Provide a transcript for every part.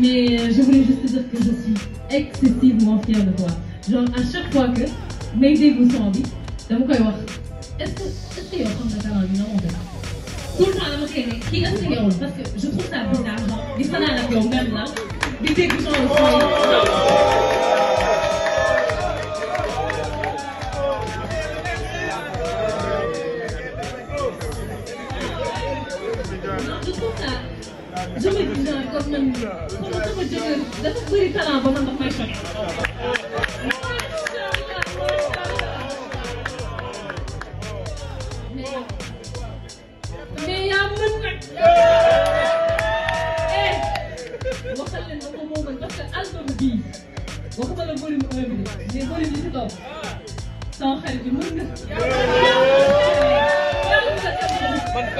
Mais euh, je voulais juste te dire que je suis excessivement fière de toi. Genre, à chaque fois que Mayday vous sent envie, beaucoup à voir. est-ce que est es que yow envie. Non, talent ne peut pas. tout le temps a marqué, mais qui est-ce que as envie parce que je trouve ça bizarre genre di à la gueule, même là. les dégg en le Non, je trouve ça jamais dina comme man sama sama jëkkër dafa bëri album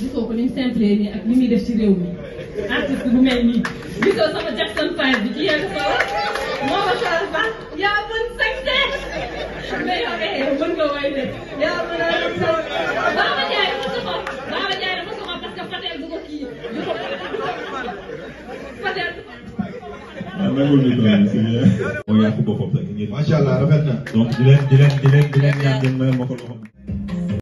gisoo ko ni mu simple nii ak ni muy def ci réew mi artiste bu mel nii gisoo sama Jackson 5 bi ci yenn kaw moo ko soxla baax yaa mën sañse mais yow eh mën nga woy de yaa mën a mën a Baba Ndiaye dafa soxor Baba Ndiaye dafa soxor parce que Fatel du ko kii du ko Fatel. waaw ah, même bu ñu doon si biir. moo yàqu boppam rek. macha allah rafet na. donc di leen di leen di leen di leen ñaan ngeen mën a mokk loxo.